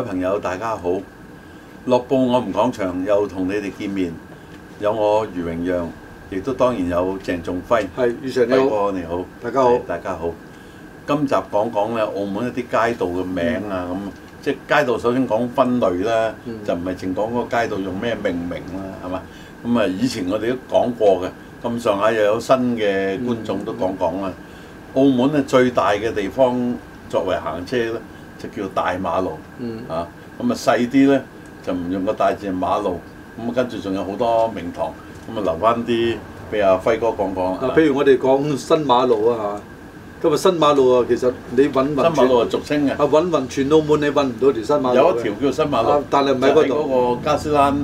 各位朋友，大家好！樂報我哋講場，又同你哋見面，有我余榮陽，亦都當然有鄭仲輝。係余常你好，你好，輝哥你好，大家好，大家好。今集講講咧，澳門一啲街道嘅名啊，咁、嗯、即係街道首先講分類啦，嗯、就唔係淨講嗰個街道用咩命名啦，係嘛？咁啊，以前我哋都講過嘅，咁上下又有新嘅觀眾都講講啦、嗯嗯嗯。澳門咧最大嘅地方，作為行車咧。就叫大馬路，嚇咁、嗯、啊、嗯、細啲咧就唔用個大字嘅馬路，咁啊跟住仲有好多名堂，咁、嗯、啊留翻啲俾阿輝哥講講啊。譬如我哋講新馬路啊嚇，咁啊新馬路啊其實你揾新馬路啊係俗稱嘅。啊揾勻全澳門你揾唔到條新馬路。有一條叫新馬路。啊、但係唔係嗰度？嗰個加思欄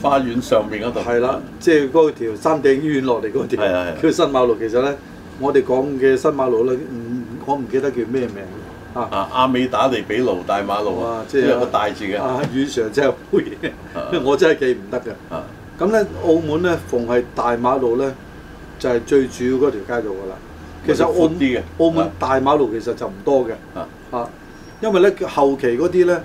花園上面嗰度。係啦，即係嗰條山頂醫院落嚟嗰條。係叫新馬路其實咧，我哋講嘅新馬路咧，我唔記得叫咩名。的啊啊！亞美打利庇盧大馬路，哇，即係一個大字嘅。啊，語常即係背嘅，因為我真係記唔得嘅。咁咧，澳門咧，逢係大馬路咧，就係最主要嗰條街道嘅啦。其實嘅，澳門大馬路其實就唔多嘅。啊，因為咧後期嗰啲咧，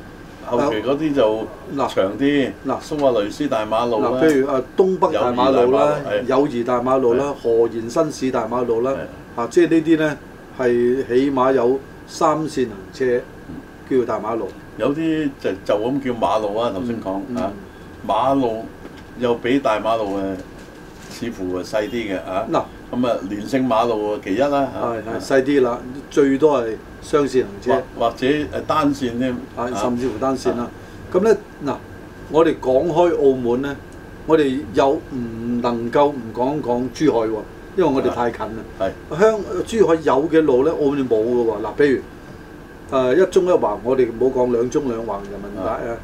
後期嗰啲就立長啲，嗱，蘇亞雷斯大馬路譬如啊，東北大馬路啦，友誼大馬路啦，何賢紳士大馬路啦，嚇，即係呢啲咧係起碼有。三線行車叫大馬路，有啲就就咁叫馬路啊！頭先講啊，馬路又比大馬路誒，似乎誒細啲嘅啊。嗱，咁啊，連勝馬路啊，其一啦。係係細啲啦，最多係雙線行車，或者誒單線添，甚至乎單線啦。咁咧嗱，我哋講開澳門咧，我哋有唔能夠唔講講珠海喎？因為我哋太近啦，香珠海有嘅路咧，我哋冇嘅喎。嗱，比如誒一中一橫，我哋唔好講兩中兩橫人民大橋啊。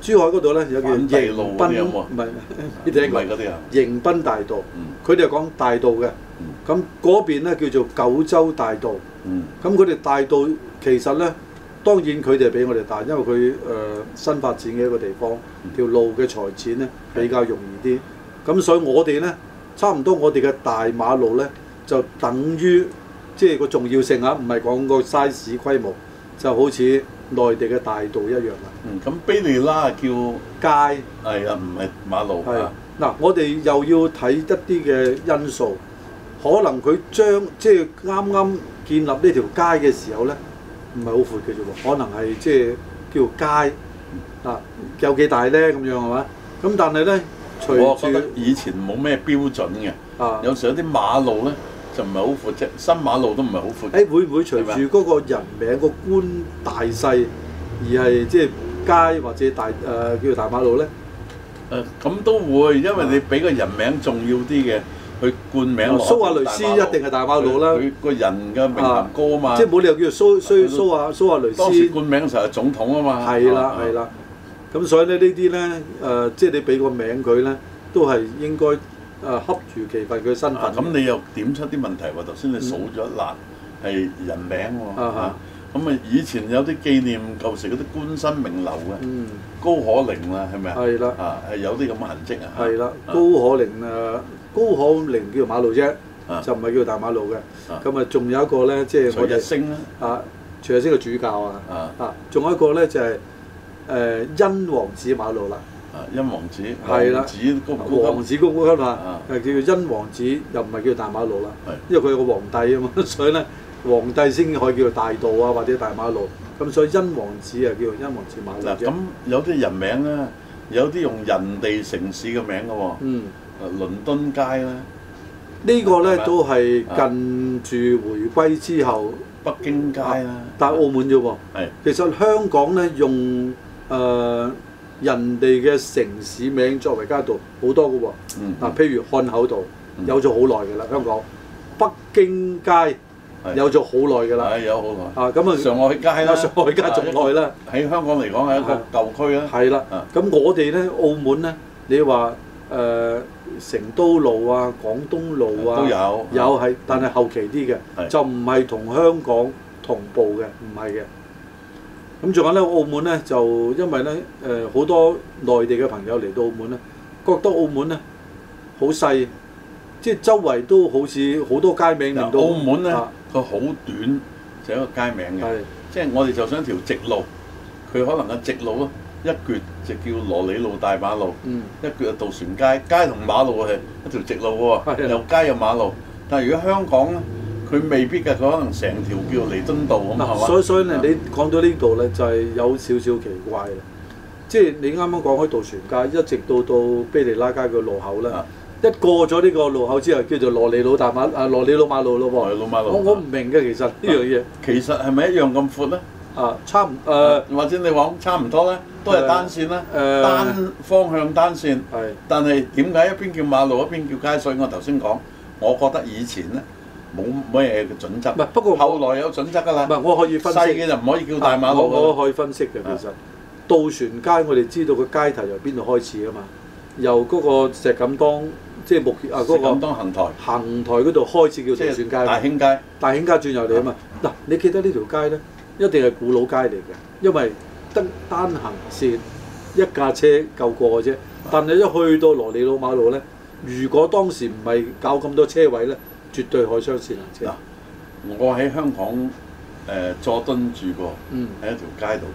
珠海嗰度咧有叫迎賓，唔係呢啲唔係嗰啲啊。迎賓大道，佢哋係講大道嘅。咁嗰邊咧叫做九洲大道。咁佢哋大道其實咧，當然佢哋比我哋大，因為佢誒新發展嘅一個地方，條路嘅財展咧比較容易啲。咁所以我哋咧。差唔多我哋嘅大馬路呢，就等於即係，就是，個重要性啊，唔係講個 size 規模，就好似內地嘅大道一樣啦。嗯，咁卑利拉叫街，係啊，唔係馬路㗎。嗱，係啊，我哋又要睇一啲嘅因素，可能佢將即係啱啱建立呢條街嘅時候呢，唔係好闊嘅啫喎，可能係即係叫街啊，有幾大呢？咁樣係嘛？咁但係呢。我覺得以前冇咩標準嘅，有時候啲馬路咧就唔係好闊啫，新馬路都唔係好闊。誒會唔會隨住嗰個人名個官大細而係即係街或者大誒叫做大馬路咧？誒咁都會，因為你俾個人名重要啲嘅去冠名。蘇亞雷斯一定係大馬路啦。佢個人嘅名氣高啊嘛。即係冇理由叫做蘇蘇蘇亞蘇亞雷斯。當時冠名成係總統啊嘛。係啦，係啦。咁所以咧呢啲咧，誒，即係你俾個名佢咧，都係應該誒恰住其份佢身份。咁你又點出啲問題喎？頭先你數咗一欄係人名喎嚇。咁啊，以前有啲紀念舊時嗰啲官身名流嘅，高可寧啦，係咪啊？係啦，係有啲咁嘅痕跡啊。係啦，高可寧誒，高可寧叫做馬路啫，就唔係叫做大馬路嘅。咁啊，仲有一個咧，即係我哋啊，徐日升個主教啊，啊，仲有一個咧就係。誒，殷皇子馬路啦，殷皇子，皇子高級，殷皇子谷，級啊，係叫做殷皇子，又唔係叫大馬路啦，因為佢有個皇帝啊嘛，所以咧，皇帝先可以叫做大道啊或者大馬路，咁所以殷皇子啊叫做殷皇子馬路。咁有啲人名咧，有啲用人哋城市嘅名噶喎，嗯，倫敦街咧，呢個咧都係近住回歸之後，北京街啦，但係澳門啫喎，其實香港咧用。誒人哋嘅城市名作為街道好多嘅喎，嗱譬如漢口道有咗好耐嘅啦，香港北京街有咗好耐嘅啦，係有好耐，啊咁啊上海街啦，上海街仲耐啦，喺香港嚟講係一個舊區呀，係啦，咁我哋咧澳門咧，你話誒成都路啊、廣東路啊，都有有係，但係後期啲嘅，就唔係同香港同步嘅，唔係嘅。咁仲有咧，澳門咧就因為咧，誒、呃、好多內地嘅朋友嚟到澳門咧，覺得澳門咧好細，即係周圍都好似好多街名嚟到。澳門咧佢好短就係一個街名嘅。是的 即係我哋就想一條直路，佢可能個直路咯，一橛就叫羅里路大馬路，嗯、一橛就渡船街，街同馬路係一條直路喎，有是的 街有馬路。但係如果香港咧？嗯佢未必嘅，佢可能成條叫彌敦道咁啊！所以所以咧，你講到呢度咧，就係有少少奇怪啊！即係你啱啱講開渡船街，一直到到卑利拉街嘅路口啦，一過咗呢個路口之後，叫做羅利老大馬啊羅利老馬路咯喎！老馬路，我我唔明嘅其實呢樣嘢，其實係咪一樣咁闊咧？啊，差唔誒，或者你話差唔多咧，都係單線啦，誒單方向單線，係。但係點解一邊叫馬路，一邊叫街？所以我頭先講，我覺得以前咧。冇乜嘢嘅準則。不過後來有準則㗎啦。唔係，我可以分析。細嘅就唔可以叫大馬路，啊，我，我可以分析嘅是其實。渡船街我哋知道個街頭由邊度開始㗎嘛？由嗰個石錦江即係木啊嗰個。石錦江行台。行台嗰度開始叫渡船街。即係大興街。大興街轉入嚟啊嘛。嗱是，你記得呢條街咧，一定係古老街嚟嘅，因為得單行線，一架車夠過嘅啫。但係一去到羅利老馬路咧，如果當時唔係搞咁多車位咧。絕對海商線啊！嗱，我喺香港誒佐敦住過，喺一條街度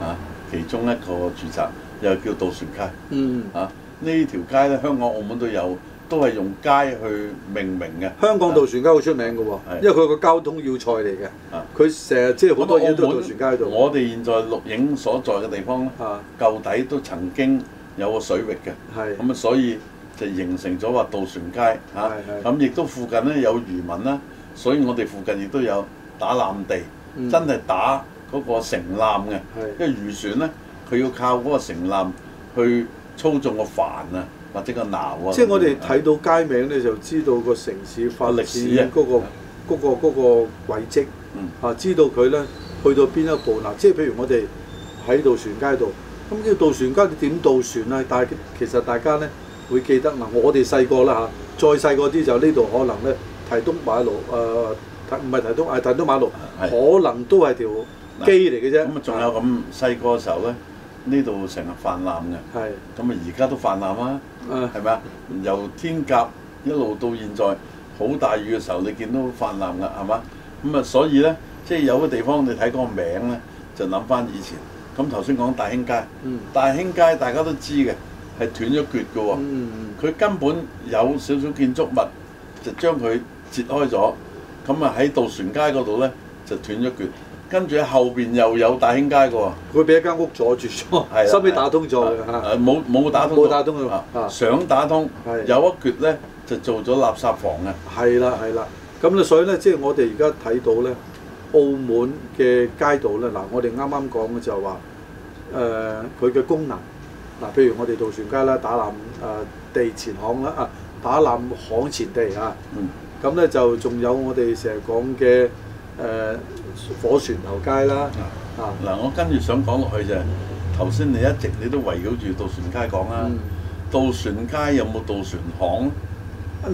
嚇，其中一個住宅又叫渡船街嚇。呢條街咧，香港、澳門都有，都係用街去命名嘅。香港渡船街好出名嘅喎，因為佢個交通要塞嚟嘅。佢成日即係好多嘢都喺渡船街度。我哋現在錄影所在嘅地方咧，舊底都曾經有個水域嘅，咁啊，所以。就形成咗話渡船街嚇，咁亦都附近咧有漁民啦，所以我哋附近亦都有打纜地，嗯、真係打嗰個城纜嘅，是是因為漁船咧佢要靠嗰個城纜去操縱個帆啊或者個鬧啊。即係我哋睇到街名咧，啊、就知道個城市發展嗰個嗰、嗰個嗰、嗰個嗰個遺跡、嗯啊、知道佢咧去到邊一步嗱。即係譬如我哋喺渡船街度，咁呢個渡船街，點渡船啊？但係其實大家咧。會記得嗱，我哋細個啦吓，再細個啲就呢度可能咧，提督馬路誒，唔係提督，係提督馬路，可能都係條機嚟嘅啫。咁啊，仲有咁細個嘅時候咧，呢度成日泛濫嘅。係。咁啊，而家都泛濫啊，係咪啊？由天鴿一路到現在，好大雨嘅時候，你見到泛濫啦，係嘛？咁啊，所以咧，即係有啲地方你睇嗰個名咧，就諗翻以前。咁頭先講大興街，大興街大家都知嘅。係斷咗橛嘅喎，佢根本有少少建築物就將佢截開咗，咁啊喺渡船街嗰度咧就斷咗橛，跟住喺後邊又有大興街喎，佢俾一間屋阻住咗，收尾打通咗冇冇打通，冇打通嘅，想打通，有一橛咧就做咗垃圾房嘅，係啦係啦，咁啊所以咧即係我哋而家睇到咧澳門嘅街道咧嗱，我哋啱啱講嘅就話誒佢嘅功能。嗱，譬如我哋渡船街啦，打纜誒地前巷啦，啊打纜巷前地嗯，咁咧就仲有我哋成日講嘅誒火船頭街啦。嗱，我跟住想講落去就係頭先你一直你都圍繞住渡船街講啦，渡船街有冇渡船行？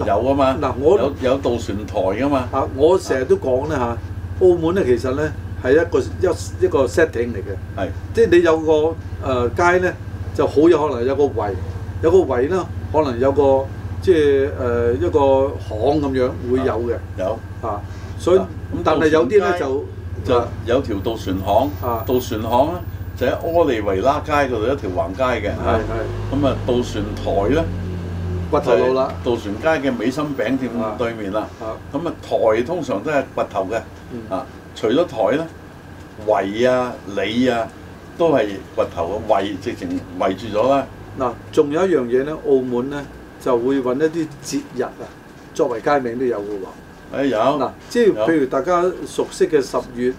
有啊嘛，嗱，有有渡船台噶嘛。我成日都講咧嚇，澳門咧其實咧係一個一一個 setting 嚟嘅，即係你有個誒街咧。就好有可能有個圍，有個圍啦，可能有個即係誒一個巷咁樣會有嘅、啊。有啊，所以咁、啊、但係有啲咧就、啊、就有條渡船巷，渡船巷咧就喺柯利維喇街嗰度一條橫街嘅。係係、啊。咁啊渡船台咧，骨頭路啦。渡船街嘅美心餅店對面啦。咁啊台、啊、通常都係骨頭嘅。啊，除咗台咧，圍啊、里啊。啊啊啊啊啊啊都係掘頭圍，直情圍住咗啦。嗱，仲有一樣嘢咧，澳門咧就會揾一啲節日啊，作為街名都有嘅話。誒有嗱，即係譬如大家熟悉嘅十月，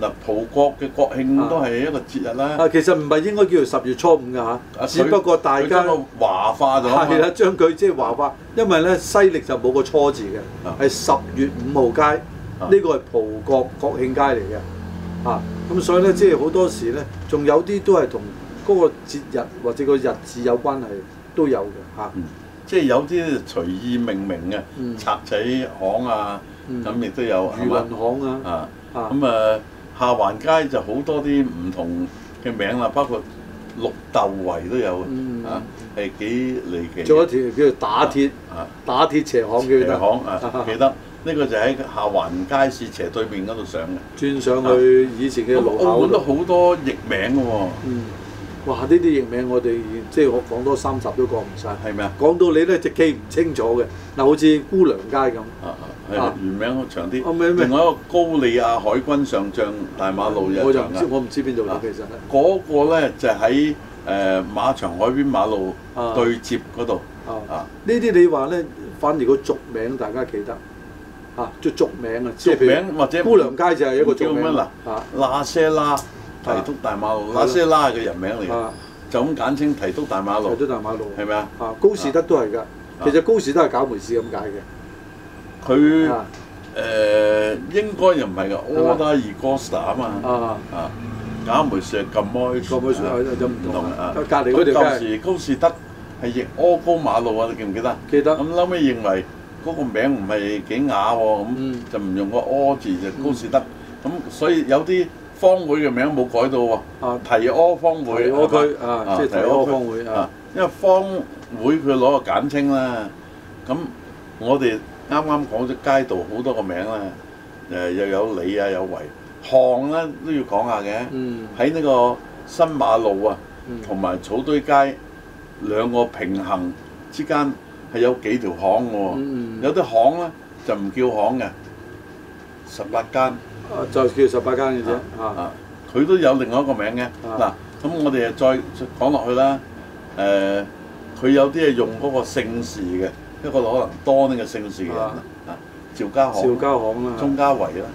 嗱葡國嘅國慶都係一個節日啦。啊，其實唔係應該叫做十月初五嘅嚇，只不過大家華化咗。係啦，將佢即係華化，因為咧西歷就冇個初字嘅，係十月五號街，呢個係葡國國慶街嚟嘅，啊。咁所以咧，即係好多時咧，仲有啲都係同嗰個節日或者個日子有關係，都有嘅嚇。即係、嗯就是、有啲隨意命名嘅，賊仔、嗯、行啊，咁亦、嗯、都有係嘛？餘運行啊，啊，咁啊，啊，下環街就好多啲唔同嘅名啦，包括綠豆圍都有、嗯、啊，係幾離奇。做一條叫做打鐵啊，啊打鐵斜巷記得。呢個就喺下環街市斜對面嗰度上嘅，轉上去以前嘅路口。澳門都好多譯名嘅、哦、喎。嗯。哇！呢啲譯名我哋即係我講多三十都講唔晒，係咪啊？講到你咧直記唔清楚嘅。嗱，好似姑娘街咁。啊啊，係啊，原名好長啲。啊，咩咩？另外一個高利亞海軍上將大馬路嘅、啊，我就唔知，我唔知邊度嚟其實。嗰個咧就喺誒、呃、馬場海邊馬路對接嗰度、啊。啊。啊，呢啲你話咧，反而個俗名大家記得。即係俗名啊，即名或者姑娘街就係一個俗名啦。啊，罅些喇提督大馬路，罅些喇嘅人名嚟嘅，就咁簡稱提督大馬路。提督大馬路係咪啊？啊，高士德都係噶，其實高士德係賈梅士咁解嘅。佢誒應該又唔係噶，阿德爾哥沙啊嘛。啊啊，賈梅士係撳開，撳開算係一佢哋離嗰高士德係亦柯高馬路啊，你記唔記得？記得。咁後尾認為。嗰個名唔係幾雅喎，咁就唔用個柯字就高士德，咁所以有啲坊會嘅名冇改到喎，提柯坊會，柯區，即係提柯坊會，因為坊會佢攞個簡稱啦，咁我哋啱啱講咗街道好多個名啦，誒又有李啊有維巷啦都要講下嘅，喺呢個新馬路啊同埋草堆街兩個平行之間。係有幾條巷嘅喎，有啲巷咧就唔叫巷嘅，十八間。啊，就叫十八間嘅啫。啊，佢都有另外一個名嘅。嗱，咁我哋誒再講落去啦。誒，佢有啲係用嗰個姓氏嘅，一個可能多呢個姓氏嘅人。啊，趙家巷、趙家巷啦，鍾家圍啦，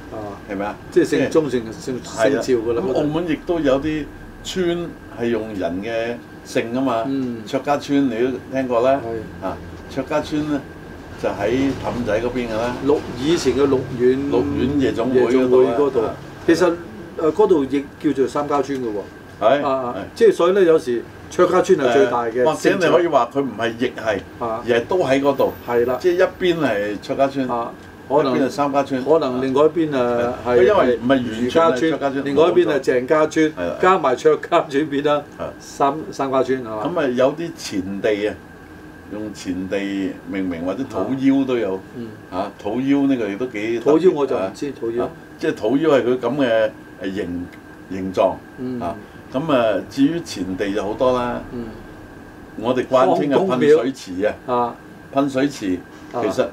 係咪啊？即係姓鍾、姓姓趙嘅啦。咁澳門亦都有啲村係用人嘅姓啊嘛。卓家村你都聽過啦。係。啊。卓家村咧就喺氹仔嗰邊噶啦，以前嘅鹿苑，鹿苑夜總會嗰度。其實誒嗰度亦叫做三家村嘅喎，即係所以咧有時卓家村係最大嘅，或者你可以話佢唔係亦係，而係都喺嗰度。係啦，即係一邊係卓家村，可能邊係三家村，可能另外一邊因係，唔係袁家村，另外一邊係鄭家村，加埋卓家村變啦，三三家村係嘛，咁啊有啲前地啊。用前地、命名或者土腰都有，嚇、嗯啊、土腰呢個亦都幾。土腰我就唔知、啊、土腰，即係、啊就是、土腰係佢咁嘅係形形狀，嚇、啊、咁、嗯、啊！至於前地就好多啦。嗯、我哋慣稱嘅噴水池廟啊噴水池，噴水池其實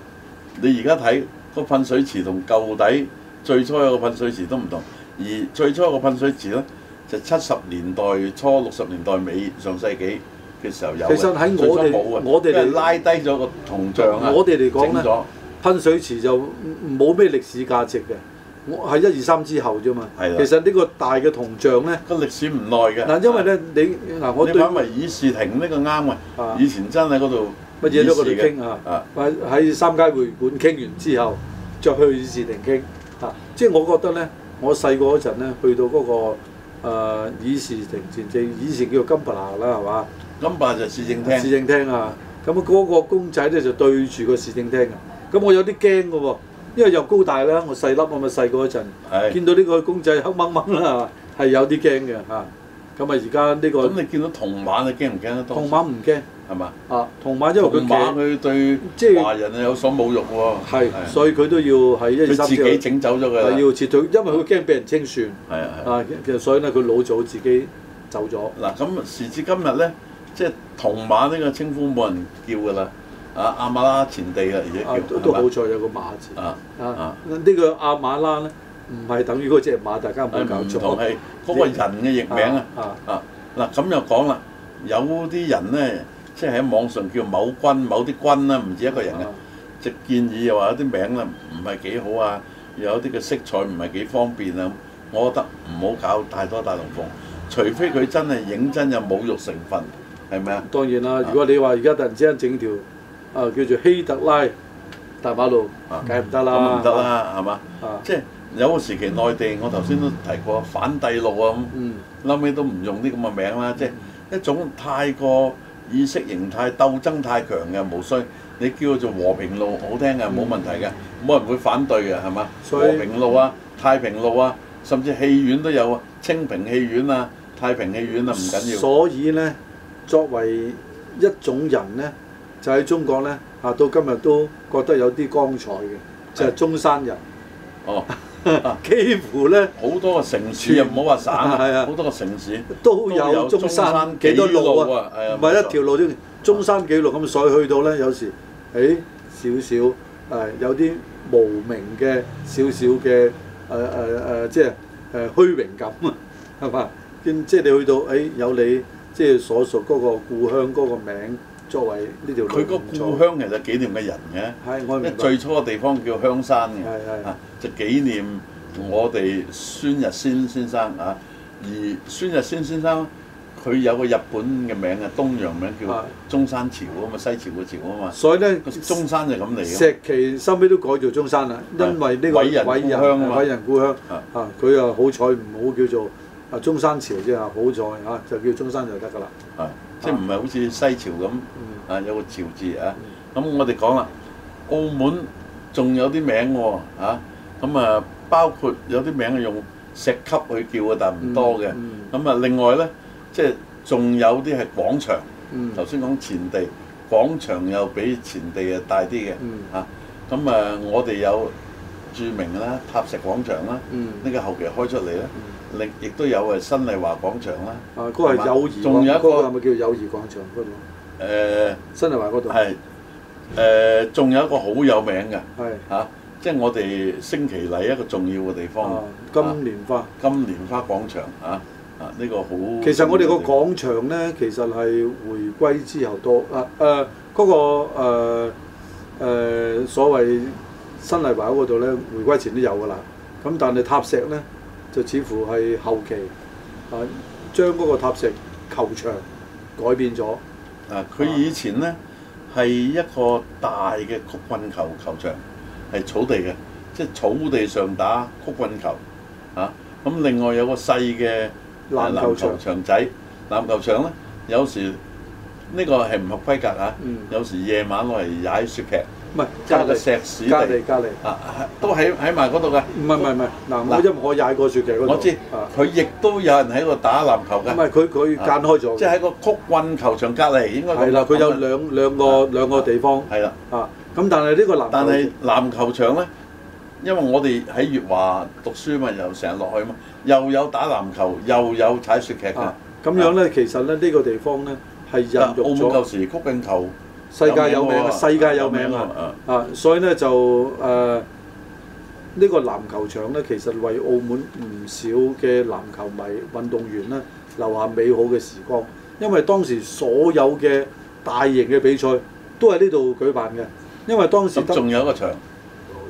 你而家睇個噴水池同舊底最初有個噴水池都唔同，而最初有個噴水池咧就七十年代初六十年代尾上世紀。其實喺我哋我哋嚟拉低咗個銅像啊！我哋嚟講咧，噴水池就冇咩歷史價值嘅，我係一二三之後啫嘛。係其實呢個大嘅銅像咧，個歷史唔耐嘅。嗱，因為咧你嗱，我哋你擺埋議事亭呢個啱啊！以前真喺嗰度乜嘢都我哋傾啊！喺三街會館傾完之後，再去議事亭傾啊！即係我覺得咧，我細個嗰陣咧去到嗰個誒議事亭前正，以前叫做金伯拿啦，係嘛？咁啊就市政廳，市政廳啊，咁啊嗰個公仔咧就對住個市政廳嘅，咁我有啲驚嘅喎，因為又高大啦，我細粒咁啊細個嗰陣，見到呢個公仔黑掹掹啦，係有啲驚嘅嚇。咁啊而家呢個咁你見到銅馬你驚唔驚得到？銅馬唔驚，係嘛？啊，銅馬因為佢銅馬佢對即係華人有所侮辱喎，係，所以佢都要係一啲三。佢自己整走咗佢。要撤退，因為佢驚俾人清算。係啊係啊。啊，其實所以咧，佢老早自己走咗。嗱，咁時至今日咧。即係銅馬呢個稱呼冇人叫嘅啦，啊阿馬拉前地啦而家叫，都冇錯有個馬字。啊啊，呢個阿馬拉咧，唔係等於嗰隻馬，大家唔好搞錯。同係嗰個人嘅譯名啊啊嗱，咁又講啦，有啲人咧，即係喺網上叫某軍某啲軍啦，唔止一個人啊。直建議又話有啲名啦，唔係幾好啊，有啲嘅色彩唔係幾方便啊，我覺得唔好搞太多大龍鳳，除非佢真係認真有侮辱成分。係咪啊？當然啦！如果你話而家突然之間整條啊叫做希特拉大馬路，梗係唔得啦嘛，梗唔得啦，係嘛？即係有個時期內地，我頭先都提過反帝路啊咁，後屘都唔用啲咁嘅名啦。即係一種太過意識形態鬥爭太強嘅無需，你叫做和平路好聽嘅冇問題嘅，冇人會反對嘅係嘛？和平路啊，太平路啊，甚至戲院都有啊，清平戲院啊，太平戲院啊，唔緊要。所以呢。作為一種人咧，就喺中國咧，嚇到今日都覺得有啲光彩嘅，就係中山人。哦，幾乎咧，好多個城市又唔好話省啊，好多個城市都有中山幾多路啊？唔係一條路都中山幾路咁，所以去到咧，有時誒少少誒有啲無名嘅少少嘅誒誒誒，即係誒虛榮感啊，係嘛？見即係你去到誒有你。即係所屬嗰個故鄉嗰個名，作為呢條路。佢個故鄉其實紀念嘅人嘅。係、嗯，我明白。最初個地方叫香山嘅。係係。啊，就紀念我哋孫逸仙先生啊。而孫逸仙先生，佢有個日本嘅名啊，東洋名叫中山樵啊嘛，西樵嘅樵啊嘛。是所以咧，中山就咁嚟。嘅。石岐收尾都改做中山啦，因為呢、呢個偉人是偉人故鄉啊嘛。啊，佢又好彩唔好叫做。啊，中山樵嚟啫嚇，好在嚇就叫中山就得㗎喇。啊，即係唔係好似西樵咁啊？有個樵字啊。咁我哋講啦，澳門仲有啲名喎嚇。咁啊，包括有啲名係用石級去叫嘅，但唔多嘅。咁啊、嗯，嗯、另外咧，即係仲有啲係廣場。頭先講前地廣場又比前地係大啲嘅嚇。咁啊，啊，我哋有著名嘅啦，塔石廣場啦，呢個、嗯嗯、後期開出嚟咧。嗯嗯嗯亦都有啊，新麗華廣場啦。啊，嗰、嗰個係友誼，仲有一個係咪叫友誼廣場嗰度？誒，新麗華嗰度。係誒，仲有一個好有名嘅。係。嚇，即係我哋升旗禮一個重要嘅地方。金蓮花。金蓮花廣場嚇啊，呢個好。其實我哋個廣場咧，其實係回歸之後多啊。誒、啊，嗰個誒所謂新麗華嗰度咧，回歸前都有㗎啦。咁但係塔石咧。就似乎係後期，啊，將嗰個塔石球場改變咗。啊，佢以前呢係一個大嘅曲棍球球場，係草地嘅，即係草地上打曲棍球。啊，咁另外有個細嘅、啊、籃，籃球場仔，籃球場呢，有時呢、呢個係唔合規格啊。嗯、有時夜晚攞嚟踩雪屐。唔係，即係個石屎地，隔離隔離啊，都喺喺埋嗰度嘅。唔係唔係唔係，嗱，因為我踩過雪屐嗰度，我知佢亦都有人喺度打籃球嘅。唔係，佢佢間開咗，即係喺個曲棍球場隔離，應該係啦。佢有兩兩個兩個地方。係啦，啊，咁但係呢個籃但係籃球場咧，因為我哋喺粵華讀書嘛，又成日落去嘛，又有打籃球，又有踩雪屐嘅。咁樣咧，其實咧呢個地方咧係融入咗。澳門舊時曲棍球。世界有名,名啊！世界有名啊！啊，所以呢，就誒呢、呃這個籃球場呢，其實為澳門唔少嘅籃球迷、運動員呢留下美好嘅時光。因為當時所有嘅大型嘅比賽都喺呢度舉辦嘅。因為當時仲有一個場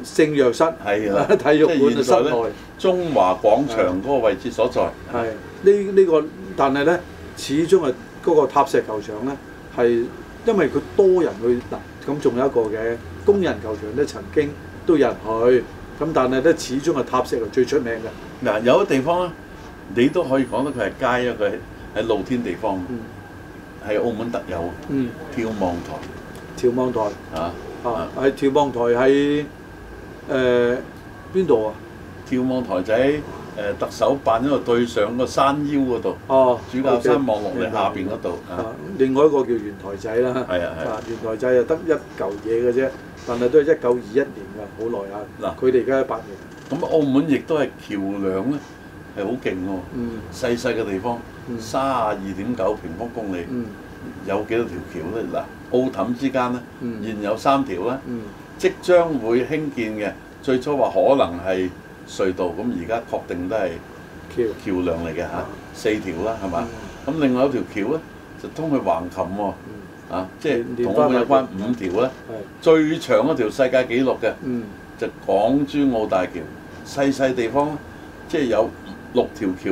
聖若瑟係啊體育館嘅室內，中華廣場嗰個位置所在。係呢呢個，但係呢始終係嗰個塔石球場呢，係。因為佢多人去嗱，咁仲有一個嘅工人球場咧，曾經都有人去，咁但係咧始終係塔石最出名嘅嗱。有啲地方咧，你都可以講得佢係街啊，佢係露天地方，係澳門特有啊。眺望台，眺望台啊、啊，係眺望台喺誒邊度啊？眺望台仔。誒特首辦喺度對上個山腰嗰度，主教山望落嚟下邊嗰度。啊，另外一個叫圓台仔啦，係啊係。圓台仔又得一嚿嘢嘅啫，但係都係一九二一年㗎，好耐下。嗱，佢哋而家喺八年。咁澳門亦都係橋樑咧，係好勁㗎喎。細細嘅地方，三十二點九平方公里，有幾多條橋咧？嗱，澳氹之間咧，現有三條啦，即將會興建嘅，最初話可能係。隧道咁而家確定都係橋橋樑嚟嘅嚇，四條啦係嘛？咁另外一條橋咧就通去橫琴喎，啊即係同我哋有關五條咧，最長嗰條世界紀錄嘅就港珠澳大橋。細細地方即係有六條橋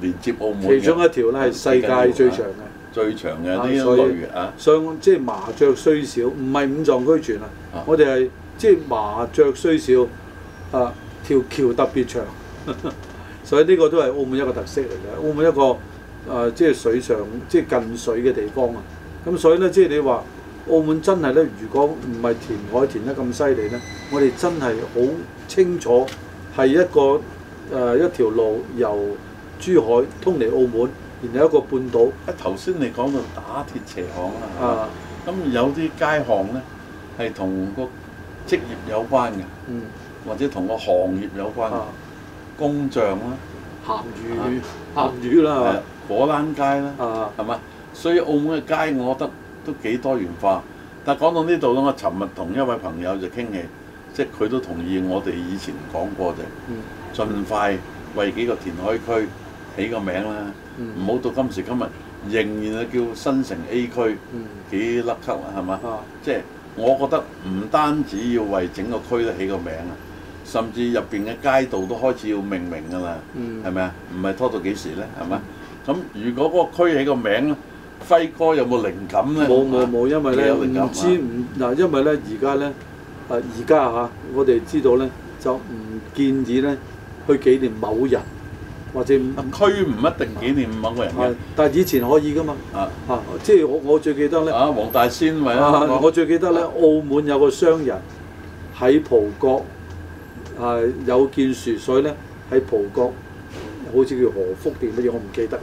連接澳門，其中一條咧係世界最長嘅，最長嘅呢一類嘅啊，所以即係麻雀雖小，唔係五臟俱全啊！我哋係即係麻雀雖小啊。條橋特別長， 所以呢個都係澳門一個特色嚟嘅。澳門一個誒、呃，即係水上，即係近水嘅地方啊。咁所以呢，即係你話澳門真係呢？如果唔係填海填得咁犀利呢，我哋真係好清楚係一個誒、呃、一條路由珠海通嚟澳門，然後一個半島。啊頭先你講到打鐵斜巷啊，咁有啲街巷呢，係同個職業有關嘅。嗯。或者同個行業有關， 工匠帳啦，鹹魚鹹魚啦，果欄、啊啊啊、街啦，係嘛？ 所以澳門嘅街，我覺得都幾多元化。但講到呢度咧，我尋日同一位朋友就傾起，即係佢都同意我哋以前講過嘅、就是，盡快為幾個填海區起個名啦，唔好到今時今日仍然係叫新城 A 區，幾垃圾啦係嘛？即係、啊、我覺得唔單止要為整個區都起個名啊！甚至入邊嘅街道都開始要命名㗎啦，係咪啊？唔係拖到幾時咧？係嘛？咁如果嗰個區起個名，輝哥有冇靈感咧？冇冇冇，因為咧唔、啊、知唔嗱，因為咧而家咧啊，而家嚇我哋知道咧就唔建議咧去紀念某人或者區唔一定紀念某個人、啊、但係以前可以㗎嘛啊啊！即係我我最記得咧啊，黃大仙咪啊，啊，我最記得咧澳門有個商人喺葡國。係、啊、有件事，所以咧喺葡國好似叫何福定乜嘢，我唔記得啦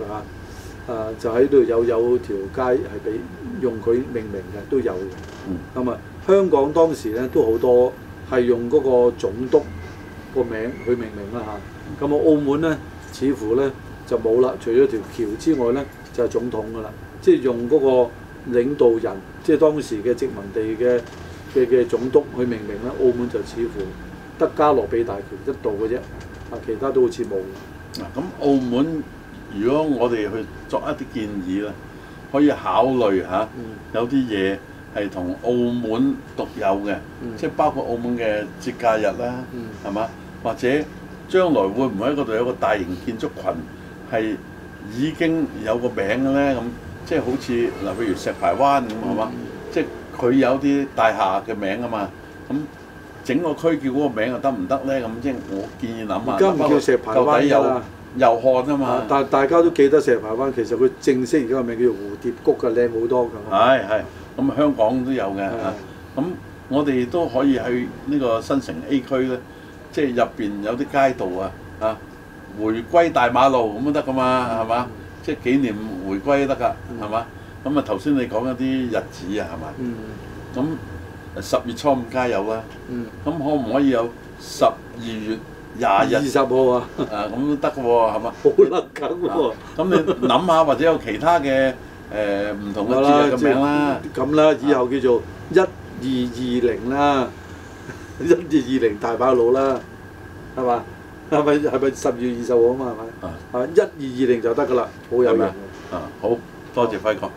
嚇。啊，就喺度有有條街係俾用佢命名嘅，都有。咁、嗯嗯、啊，香港當時咧都好多係用嗰個總督個名去命名啦嚇。咁啊，啊、嗯嗯，澳門咧似乎咧就冇啦，除咗條橋之外咧就係、是、總統噶啦，即係用嗰個領導人，即係當時嘅殖民地嘅嘅嘅總督去命名啦。澳門就似乎。嗯德加羅比大橋一度嘅啫，啊，其他都好似冇。嗱，咁澳門如果我哋去作一啲建議咧，可以考慮吓，有啲嘢係同澳門獨有嘅，嗯、即係包括澳門嘅節假日啦，係嘛、嗯？或者將來會唔會喺嗰度有個大型建築群係已經有個名嘅咧？咁即係好似嗱，譬如石排灣咁係嘛？嗯、即係佢有啲大廈嘅名啊嘛，咁。整個區叫嗰個名啊得唔得呢？咁即係我建議諗下。而家唔叫石排灣啦，遊客啊有嘛。啊但係大家都記得石排灣，其實佢正式嗰個名叫蝴蝶谷嘅，靚好多㗎嘛。係係、哎，咁、哎、香港都有嘅咁的、啊、我哋都可以去呢個新城 A 區呢，即係入邊有啲街道啊嚇、啊，回歸大馬路咁都得㗎嘛，係嘛、嗯？即係、就是、紀念回歸都得㗎，係嘛、嗯？咁啊頭先你講一啲日子啊，係嘛？咁、嗯。嗯十月初五加油啊！咁、嗯、可唔可以有十二月廿一日二十號啊？ 啊，咁都得喎，係嘛？ 好啦，咁喎。咁你諗下，或者有其他嘅誒唔同嘅名啦。咁啦， 以後叫做一二二零啦，一二二零大跑佬啦，係嘛？係咪係咪十二月二十號啊嘛？係咪？啊，一二二零就得噶啦，好唔好啊？啊，好多謝輝哥。